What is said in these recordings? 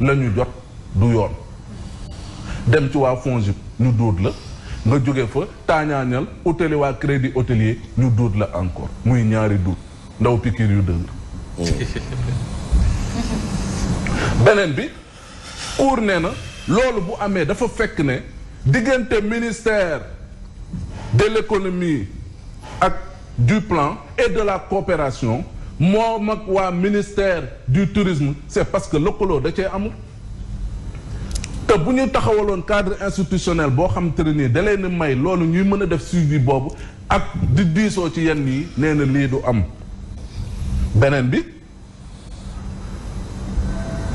la ñu jot du yoon dem ci waa FONGIP ñu dóot la nga jóge fa taañaañal hôteli waa crédit hôtelier ñu duut la encore muy ñaari dóot ndaw pikiir yu dëgër beneen bi cour nee na loolu bu amee dafa fekk ne diggante ministère de l'économie ak du plan et de la coopération moo mag waa ministère du tourisme c'est parce que lëkkaloo da cee amul te bu ñu taxawaloon cadre institutionnel boo xam te ne nii da leen may loolu ñuy mën a def suivi boobu ak di diisoo ci yenn yi nee na lii du am beneen bi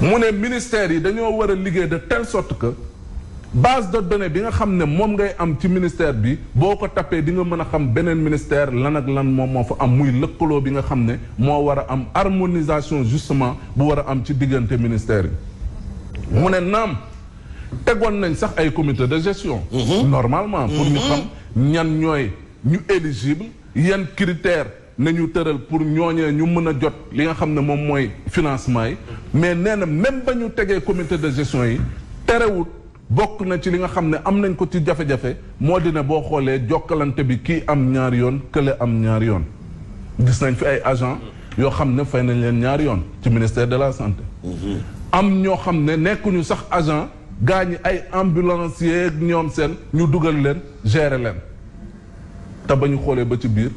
mu ne ministère yi dañoo war a liggéey de telle sorte que base de données bi nga xam ne moom ngay am ci ministère bi boo ko tappee di nga mën a xam beneen ministère lan ak lan moom moo fa am muy lëkkaloo bi nga xam ne moo war a am harmonisation justement bu war a am ci diggante ministère yi mu ne naam tegoon nañ sax ay comité de gestion mhm. normalement pour ñu mhm. xam ñan ñooy ñu éligible yan critères nañu tëral pour ñooñee ñu mën a jot li nga xam ne moom mooy financement yi mais nee na même ba ñu tegee comité de gestion yi terewut bokk na ci li nga xam ne am nañ ko ci jafe-jafe moo di ne boo xoolee jokkalante bi kii am ñaari yoon kële am ñaari yoon gis nañ fi ay agent yoo xam ne fay nañ leen ñaari yoon ci ministère de la santé mhm. am ñoo xam ne nekkuñu sax agent gaa ñi ay ambulancier ak ñoom seen ñu dugal leen gérer leen te ba ñu xoolee ba ci biir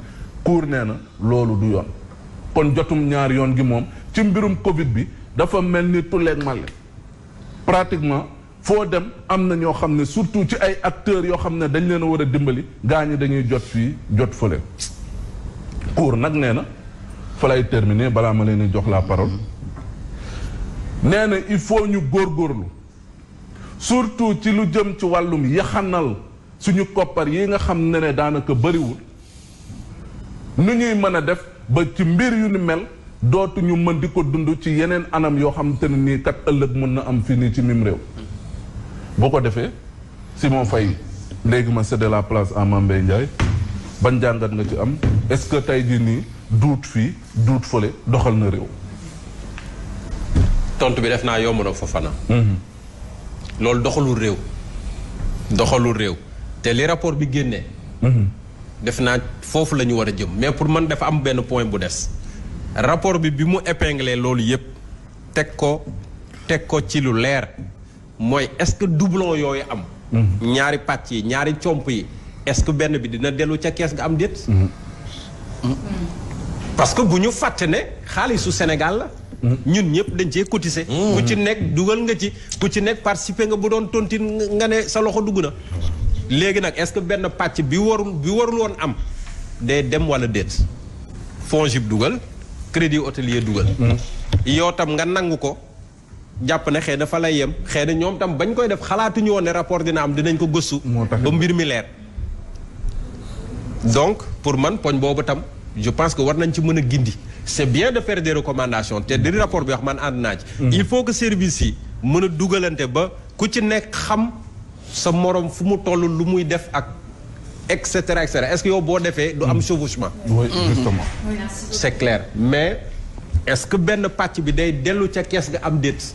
cour nee na loolu du yoon kon jotum ñaari yoon gi moom ci mbirum covid bi dafa mel ni tulleeg male pratiquement foo dem am na ñoo xam ne surtout ci ay acteurs yoo xam ne dañ leen a war a dimbali gaañu dañuy jot fii jot fole cour nag nee na fa lay balaa ma leen jox la parole nee na il faut ñu góor góorlu surtout ci lu jëm ci wàllum yaxanal suñu koppar yi nga xam ne ne daanaka bëriwul nu ñuy mën a def ba ci mbir yu ni mel dootuñu mën di ko dund ci yeneen anam yoo xam te ne nii kat ëllëg mën na am fii nii ci mim réew. boo ko defee Simon fay léegi ma cédé la place à Mame Mbaye Ndiaye ban jàngat nga ci am est-ce que tey jii nii duut fii duut fole doxal na réew. tontu bi def naa yomb na Fofana. Mhm. loolu doxalul réew. doxalul réew te li rapport bi génnee. Mhm. def foofu la ñu war a jëm mais pour man dafa am benn point bu des. rapport bi bi mu épinglé loolu yépp teg ko teg ko ci lu leer. mooy est-ce que doublon yooyu am. ñaari pàcc yi ñaari comp yi est-ce que benn bi dina dellu ca kees nga am déet. parce que bu ñu fàtte ne xaalisu Sénégal la. ñun ñëpp dañ cee cotiser. ku ci nekk dugal nga ci ku ci nekk participer nga bu doon tonti nga ne sa loxo dugg na. léegi nag est-ce que benn pàcc bi warul bi warul woon am day dem wala déet. bi dugal crédit hôtelier dugal. Mm-hmm. yow tam nga nangu ko. jàpp ne xëy na fa lay yem xëy na ñoom tam bañ koy def xalaatuñu woon ne rapport dina am dinañ ko gëstu. ba mbir mi leer. donc pour man poñ boobu tam je pense que war nañ ci mën a gindi c' est bien de faire des recommandations te di rapport bi wax man ànd naa ci. Mm. il faut que service yi mën a dugalante ba ku ci nekk xam sa morom fu mu toll lu muy def ak. et cetera et est que yow boo defee du am mm. chevauchement. oui justement. c'est clair mais est-ce que benn pàcc bi day dellu ca kees ga am déet.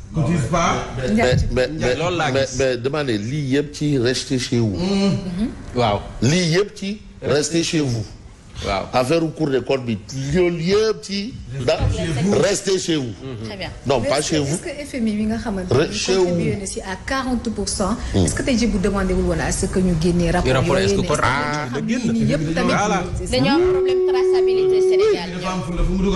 cotise pas. mais mais mais mais demandez lii yëpp ci restez chez vous. Mmh. Mmh. waaw lii yëpp ci. restez chez vous. waaw affaire cour des comptes bi loolu yëpp ci. da restez chez vous. très bien non pas chez vous. est ce nga xamante ne contribué na si à 40 pour cent. Hmm. est ce que tey jii bu demandé wul ce que ñu génnee rapport yooyu est ce que ah, ah yëpp tamit. dañoo Sénégal ñoom. fu mu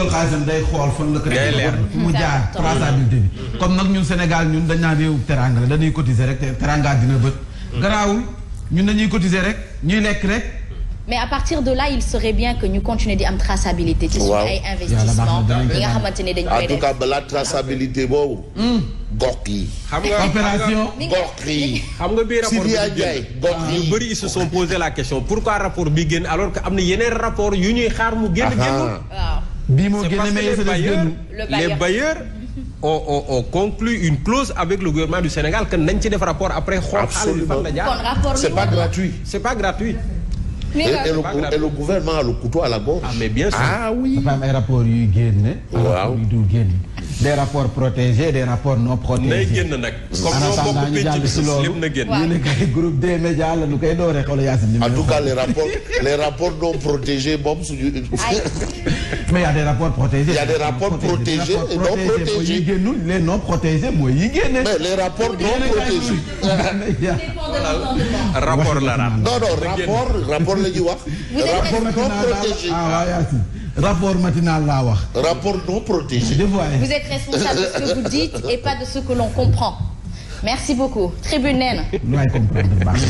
day xool fan la. day leer mu jaar traçabilité bi. comme nag ñun Sénégal ñun dañ naa réewu teranga la dañuy cotiser rek te teranga dina bët. Hmm. garaawul ñun dañuy cotiser rek ñuy lekk rek. mais à partir de là il serait bien que ñu continuer di am traçabilité. ci suñu ay investissement yi nga xamante ne dañ traçabilité boobu. Hmm. gox yi. xam nga opération xam nga bii rapport bi Ndiaye bëri ils se posé la question pourquoi rapport bi génn alors que am na yeneen rapport yu ñuy xaar mu génn. génn bii moo génn une clause avec le gouvernement du Sénégal que nañ ci def rapport après. xool xaalis fan c'est pas gratuit. c'est pas gratuit. Et, et, le, et, le, gouvernement a le couteau à la gorge. Ah, mais bien sûr. Ah oui. dafa am ay rapport yuy génne. waaw rapport yu dul génne. des rapports protégés des rapports non protégés. day génn nag. comme ñoo bokk si loolu ñu ne kay groupe des médias la lu koy dooree xool Yacine. en tout cas les rapports les rapports non protégés moom suñu. mais y a des rapports protégés. y a des rapports protégés et non protégés. mooy yi génnul les non protégés mooy yi génne. mais les rapports non protégés. rapport la rapport. non non rapport rapport la ñuy wax. rapport non protégé. Ah, rapport matinal laa wax. rapport non protégé. vous êtes responsable de ce que vous dites et pas de ce que l'on comprend. merci beaucoup tribune nee na. lu may comprendre baax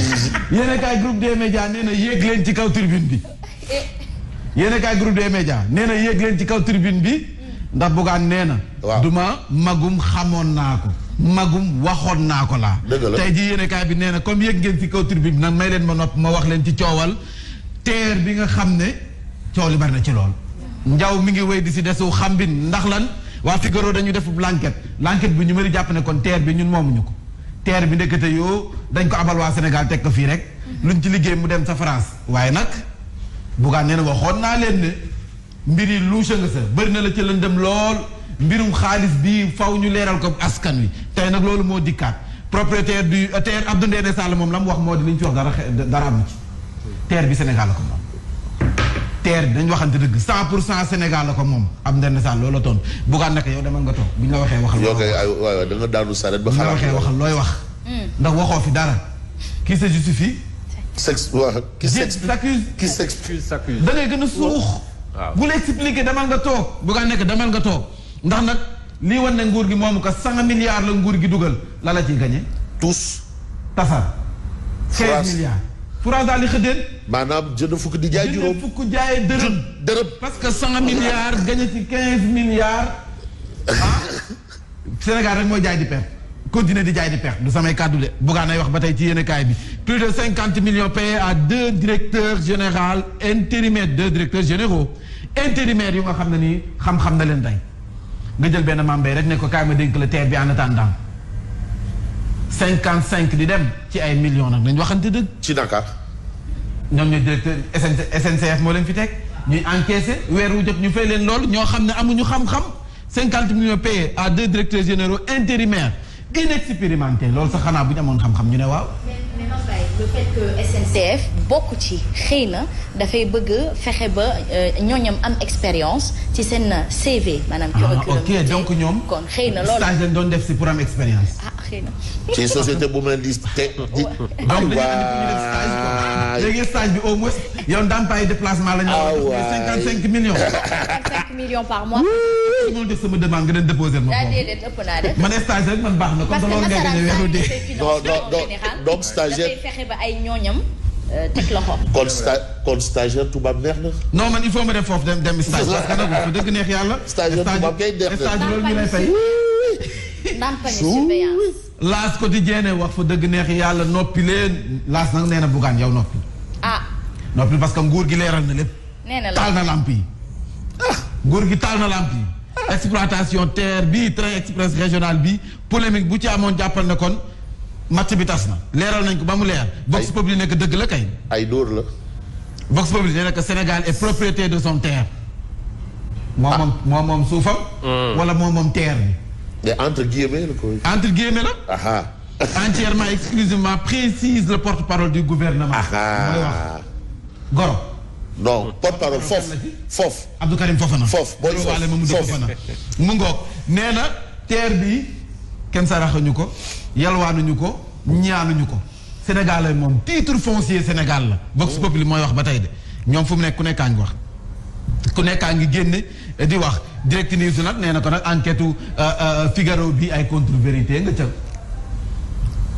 yéen a kaay groupe des médias nee na leen ci kaw tribune bi. yéen a kaay groupe na yéeg ci kaw tribune bi. ndax bugaan nee na. waaw duma magum xamoon naa ko. magum waxoon naa ko laa. tey ji yéen a bi nee na comme yéeg ngeen ci kaw tribune bi nag may leen ma nopp ma wax leen ci coowal. teer bi nga xam ne coow li bari na ci lool. njaw mi ngi wéy di si desu xambin ndax lan waa Figaro dañu def l'enquête l'enquête bi ñu mari jàpp ne kon terre bi ñun moomuñu ko terre bi ndekete yoo dañ ko abal waa Sénégal teg ko fii rek luñ ci liggéey mu dem sa France waaye nag bugaan nee na waxoon naa leen ne mbir yi luusa nga sa bëri na la ca lëndëm lool mbirum xaalis bi faw ñu leeral ko askan wi tey nag loolu moo dikkaat propriétaire du terre Abdou Ndéné Sall moom la mu wax moo di li ñu ci wax dara dara am ci teer bi Sénégal ko terre dañ waxante dëgg 100 pour cent Sénégal la ko moom am na ne sax loola toon bugaan naka yow demal nga toog bu ñu la waxee waxal. yoo koy waay waay da nga daanu saret ba. xalaat waxee waxal hmm. fi dara. qui se justifie. sex waaw qui s'excuse qui da ngay gën a suux. bu la expliqué demal nga toog. bugaan nekk demal nga toog ndax nag lii wan ne nguur gi moomu ko 100 milliards la nguur gi dugal la la ciy gagné. tous. tasar. 15 courage daal di xëddeen. maanaam jënd fukk di jaay juróom jënd jaay dërëm parce que cent milliards quinze milliards. Ah. Sénégal rek mooy jaay di perte. continuer di jaay di perte du samay kàddu de Bougane ay wax ba tey ci yéen bi plus de cinquante millions payés à deux directeurs généraux intérimaires deux directeurs généraux intérimaires yu nga xam ne nii xam na leen tey nga jël benn membre rek ne ko kaay ma dénk la bi en attendant. cinquante cinq di dem ci ay million nag dañ waxante dëgg. ci Dakar. ñoom ñooy directeur SNCF moo leen fi teg ñuy encaissé weer wu jot ñu fay leen lool ñoo xam ne amuñu xam-xam cinquante millions payés à deux directeurs généraux intérimaires inexpérimentés loolu sa xanaa bu ñu amoon xam-xam ñu ne waaw. SNCF bokk ci xëy na dafay bëgg fexe ba euh, ñooñam am expérience ci seen CV. maanaam curriculum ah, ok donc ñoom. kon xëy na loolu stage lañ doon def si pour am expérience. Ah, xëy na. ci société bu mel ni tey. waaw léegi stage bi au moins yow ndàmpaay déplacement la ñu. ah waay cinquante cinq millions. cinquante cinq millions par mois. mënul def sama demande nga dem déposé ma. daa déedéet ëpp naa def. man stage rek man baax na comme loolu ngay gën a weeru dee. non non donc stagiaire dafay fexe ba ay ñooñam. Euh, teg loxo. kon sta kon stagiaire tubaab neex na. non man il faut ma def foofu dem dem stage parce que nag dëgg neex yàlla. stagiaire tubaab kay neex na stage loolu ñu lay fay. laas quotidien wax fa dëgg neex yàlla noppi leen laas nag nee na bugaan yow noppi. ah noppi parce que nguur gi leeral na lépp. nee na taal na lamp ah, nguur gi taal na lamp yi. Ah. exploitation terre bi train express régional bi polémique bu ci amoon jàppal na kon match bi tas na. leeral nañ ko ba mu leer. Vox Populi nekk dëgg la kay. ay dóor la. Vox Populi nekk Sénégal et propriétaire de son terre. moom moom ah. moom moom suufam. Hmm. wala moo moom teer bi. mais entre guillemets la entre guillemets la. aha. entièrement exclusivement précise le porte-parole du gouvernement. mooy wax Goro. non porte foofu foofu. Abdou Karim Fofana. foofu booy foofu mu ngoog nee na teer bi kenn saraxuñu ko yalwaanuñu ko ñaanuñu ko Sénégal la moom titre foncier Sénégal la. Vox Populi mooy wax ba tey de ñoom fu mu nekk ku nekkaa ngi wax ku nekkaa ngi génne di wax. direct news nag nee na ko nag enquête euh, euh, Figaro bi ay contre vérité nga ca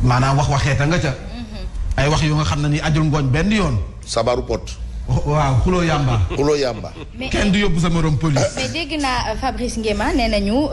maanaam wax waxeeta nga ca mm-hmm. ay wax yu nga xam ne ni ajul ngooñ benn yoon sabaru pot oh, waaw xuloo yamba xuloo yamba kenn du yóbbu sa morom police mais dégg naa euh, Fabrice Nguema nee nañu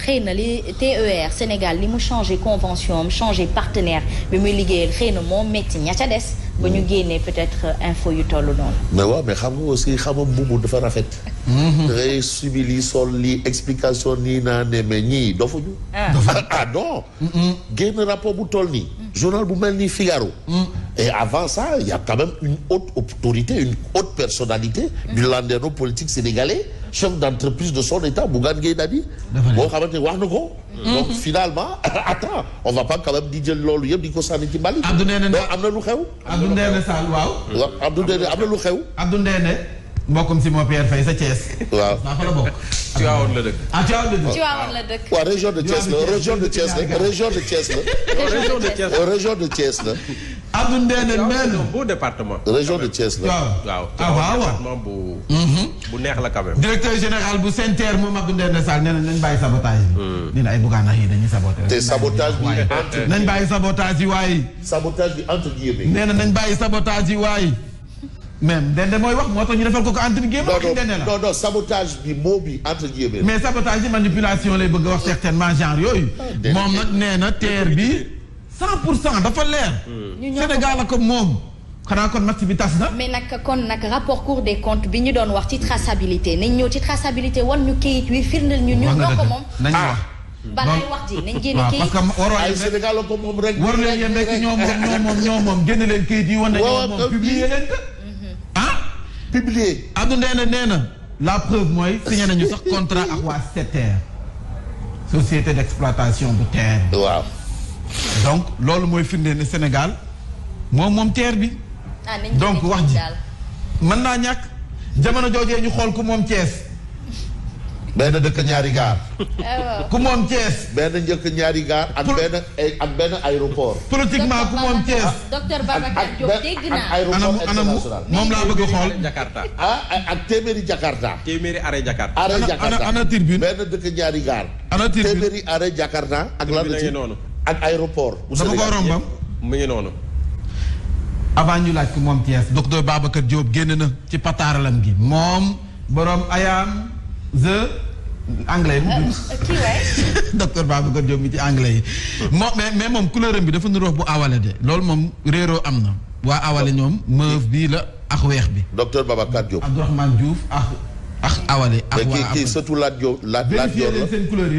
xëy na li TER Sénégal li mu changé convention am changé partenaire bi muy liggéeyal xëy na moom métti ña ca des ba ñu génnee peut-être euh, info yu toll noonu. mais waaw mais xam nga aussi xam nga mbubu dafa rafet. Mhm. da ngay subi lii sol lii explication nii naa ne mais ñii dofuñu. ah, ah non. Mhm. génn rapport bu toll nii. Mm. journal bu mel ni Figaro. Mm. et avant ça il y a quand même une haute autorité une haute personnalité. du mm. landerneau politique sénégalais. chef d'entreprise de son état Bougane Gueye Dany boo xamante ne wax na ko donc finalement attends on va pas quand même di jël loolu yëpp di ko sànni ci mbalit Abdou Ndéné donc am na lu xew Abdou Ndéné Sall waaw Abdou Ndéné am na lu xew Abdou Ndéné mbokkum si moo Pierre Faye sa Thiès waaw naa fa la bokk Tivaouane la dëkk ah Tivaouane la dëkk waaw région de Thiès la région de Thiès la région de Thiès la région de Thiès la Abdou Ndéné nee na beau département. région de Thiès la. Ah, waaw waaw département bu. Mhm. bu neex la quand même. directeur général bu SENTER moom Abdou Ndéné Sall nee na nañ bàyyi sabotage yi. Hmm. nee na ay bugaana yi dañuy saboter. te sabotage bi entre. nañ bàyyi sabotage yi waayi. sabotage bi entre guillemets. nee na nañ bàyyi sabotage yi waayi. même Ndéné mooy wax moo tax ñu defal ko ko entre guillemets. non non sabotage bi mot bi entre guillemets. mais sabotage yi manipulation lay bëgg a wax certainement genre yooyu. Ah, moom nag nee na terre bi. cent pour cent dafa leer. Sénégal ak moom. xanaa kon match bi tas na. mais nag kon nag rapport cour des comptes bi ñu doon wax ci traçabilité nañ ñëw ci traçabilité wan ñu kayit wi firndeel ñu. ñoo ko moom nañ wax. Ah. balay wax ji nañ génne kayit parce que waroo ay Sénégal ko moom rek. war leen yem rek ñoo moom ñoo moom ñoo moom génne leen kayit yi wan ne ñoo moom publier leen ko. Mhm. ah. publier. Abdou nee na nee na. la preuve mooy signé nañu sax contrat ak waa SETER. société d'exploitation bu donc loolu mooy firndee ne Sénégal moom moom teer bi. Ah, donc wax ji mën naa ñàkk jamono joojee ñu xool ku moom Thiès. benn dëkk ñaari gaar. Ah, ku moom Thiès. benn njëkk ñaari gaar ak benn eh, ak benn aéroport. politiquement ku moom Thiès. docteur Babacar Diop dégg naa. aéroport international moom laa bëgg a xool. Jakarta ah eh, ak téeméeri Jakarta. téeméeri arrêt Jakarta. arrêt Jakarta ana ana tribune benn dëkk ñaari gaar. ana tribune téeméeri arrêt Jakarta ak lan la noonu. ak aéroport. bu Sénégal ko rombam mu ngi noonu. avant ñu laaj ko moom Thiès docteur Babacar jóob génn na ci pataaralam gi moom boroom ayam the anglais kii euh, waay docteur mi ci anglais yi. moom me mais moom couleuram bi dafa niroog bu awale de loolu moom réeroo am na. waa awale ñoom meuf bii la ak weex bi. docteur Babacar Diop Abdourahmane Diouf ak. ak awale ak waa kii surtout Lat Diop Lat Diop vérifié seen couleur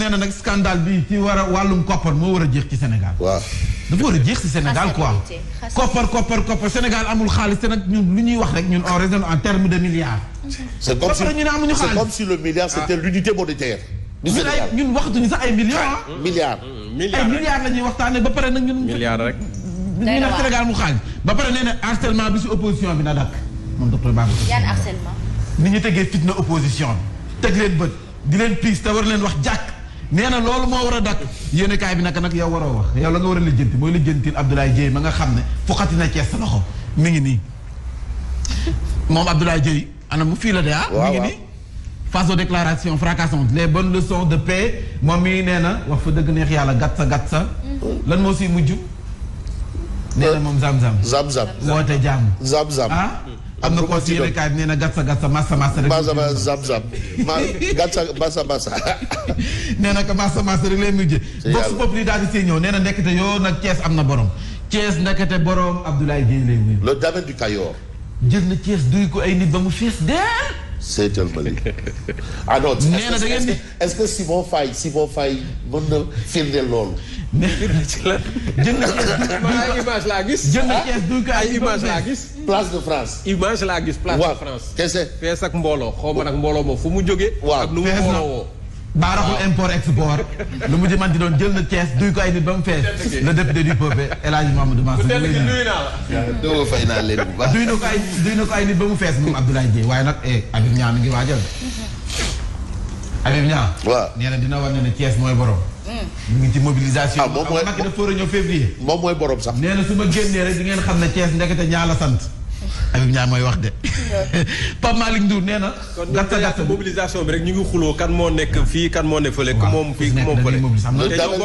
nee na scandale bi ci war a wàllum koppar moo war a jeex ci Sénégal. waaw dafa war a jeex ci amul xaalis te nag ñun wax rek ñun on raisonne en de milliards. c'est comme si le milliard c'était ah. l'unité monétaire. du Sénégal ñun waxtuñu sax ay millions ah. ah milliards hmm, ay milliards ba pare nag ñun. ne Sénégal mu xaalis ba pare nee na harcèlement bi ci opposition bi na dakk moom docteur Babacar yan harcèlement ni ñu tegee fitna opposition bi teg leen bët di leen piis te war leen wax jàkk nee na loolu moo war a dakk yéen bi naka nag yow waroo wax yow la nga war a lijjanti mooy lijjantil Abdoulaye Dieye ma nga xam ne foqati na Cees sa loxo mi ngi nii moom Abdoulaye Dieye ana mu fii la de ah mi ngi nii face aux déclarations fracassantes les bonnes leçons de paix moom mii nee na wax fa dëgg neex yàlla gat sa gàtt sa mm. lan moo siy mujj euh, nee na moom zam-zam zam am na koo si yéen kaay nee na gàtsa gàtsa massa massa rek. massa massa zap zap ma gàtsa nee na daal di see ñëw nee na ndekete yoo nag Thiès am na borom. Thiès ndekete borom Abdoulaye Dieng lay wuyu. le domaine du Kayor. jël na Thiès duy ko ay nit ba mu fees dee. seetal ma lii ah non nee na da ngeen di est-ce que Simon Faye Simon Faye mën na loolu. nee na ci la jënd ay image laa gis. jënd ay image laa gis. place de France. image laa gis place de France. waaw kese. fees ak mbooloo xaw ma nag mbooloo moom fu mu joge waaw ak nu mu mbooloo woo. baa raxul import export lu mu jëmanti doon jël na Thiès duy ko ay nit ba mu fees le député du la doo fay naa leen bu na ko ay duy mu fees moom Abdoulaye Dieye waaye nag eh Habib Niang mi ngi waajal Habib Niang waaw nee na dina war mooy borom mu mm. ngi ci mobilisation ah a ñëw borom sax nee su ma génnee rek di ngeen xam ne cees ndekete ñaa la sant Habib Niang mooy wax de Pape Malick Ndour nee na. gàtt gàtt mobilisation bi rek ñu ngi kan moo nekk fii kan moo nekk fële. waaw moom fii moom fële.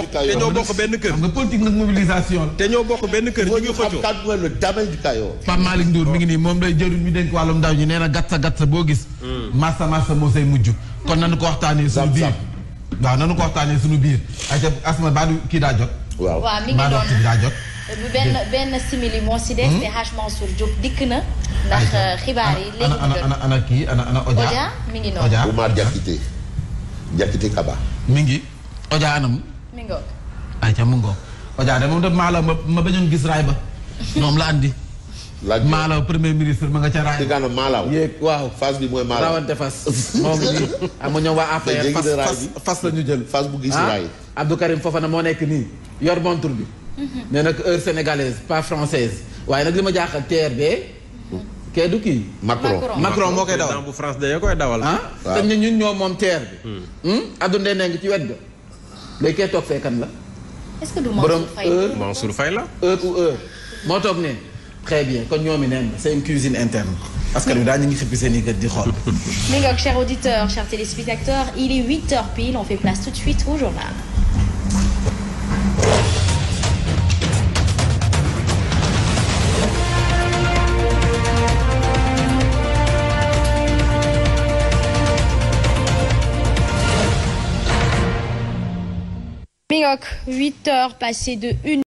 te ñoo bokk benn kër. xam nga politique nag mobilisation te ñoo bokk benn kër ñu ngi xëccoo. Pape Malick Ndour mi ngi nii moom lay jëriñ ñu dénk wàllum ndaw ñu nee na gàtt gàtt boo gis. Hmm. massa massa moo say mujj. kon nanu ko waxtaanee suñu biir. waaw nanu ko waxtaanee suñu biir. ayca asma baadu kii daa jot. waaw maa ngi doon daa jot benn benn simili moo si des. te hmm? Haj Mansour Diop dikk na. ndax xibaar yi léegi mu ana ana kii ana ana Oja mi ngi noonu Oja Oumar Diakité ngi Oja anam. mi ngoog. ayca de moom de maa ma bañoon gis raay ba. moom la andi. laaj Malaw premier ministre ma nga ca raay. Tigana Malaw. yéeg waaw phase bi mooy moom nii am ah, ñoom waa fas fas jël. fas bu gis ah, raay. Abdou Karim Fofana moo nekk nii yor montre bi. nee mm-hmm. nag heure sénégalaise pas française waaye nag li ma jaaxal be mm-hmm. kee du kii. Macron Macron moo koy dawal président bu France dañoo koy dawal. Ah? waaw te ñun ñoo moom TER bi. Hmm. Hmm? adduna ne ngi ci wet ga. léegi kee toog fee kan la. est-ce que du Mansour Faye la borom heure Mansour Faye la. heure ou heure moo toog ne. très bien kon ñoom i neen cuisine interne. parce que daal ñu ngi xippi seen i gët di xool. mi ngi ak chers auditeurs chers il est 8h pile on fait place tout de suite Coq, 8 heures passées de 1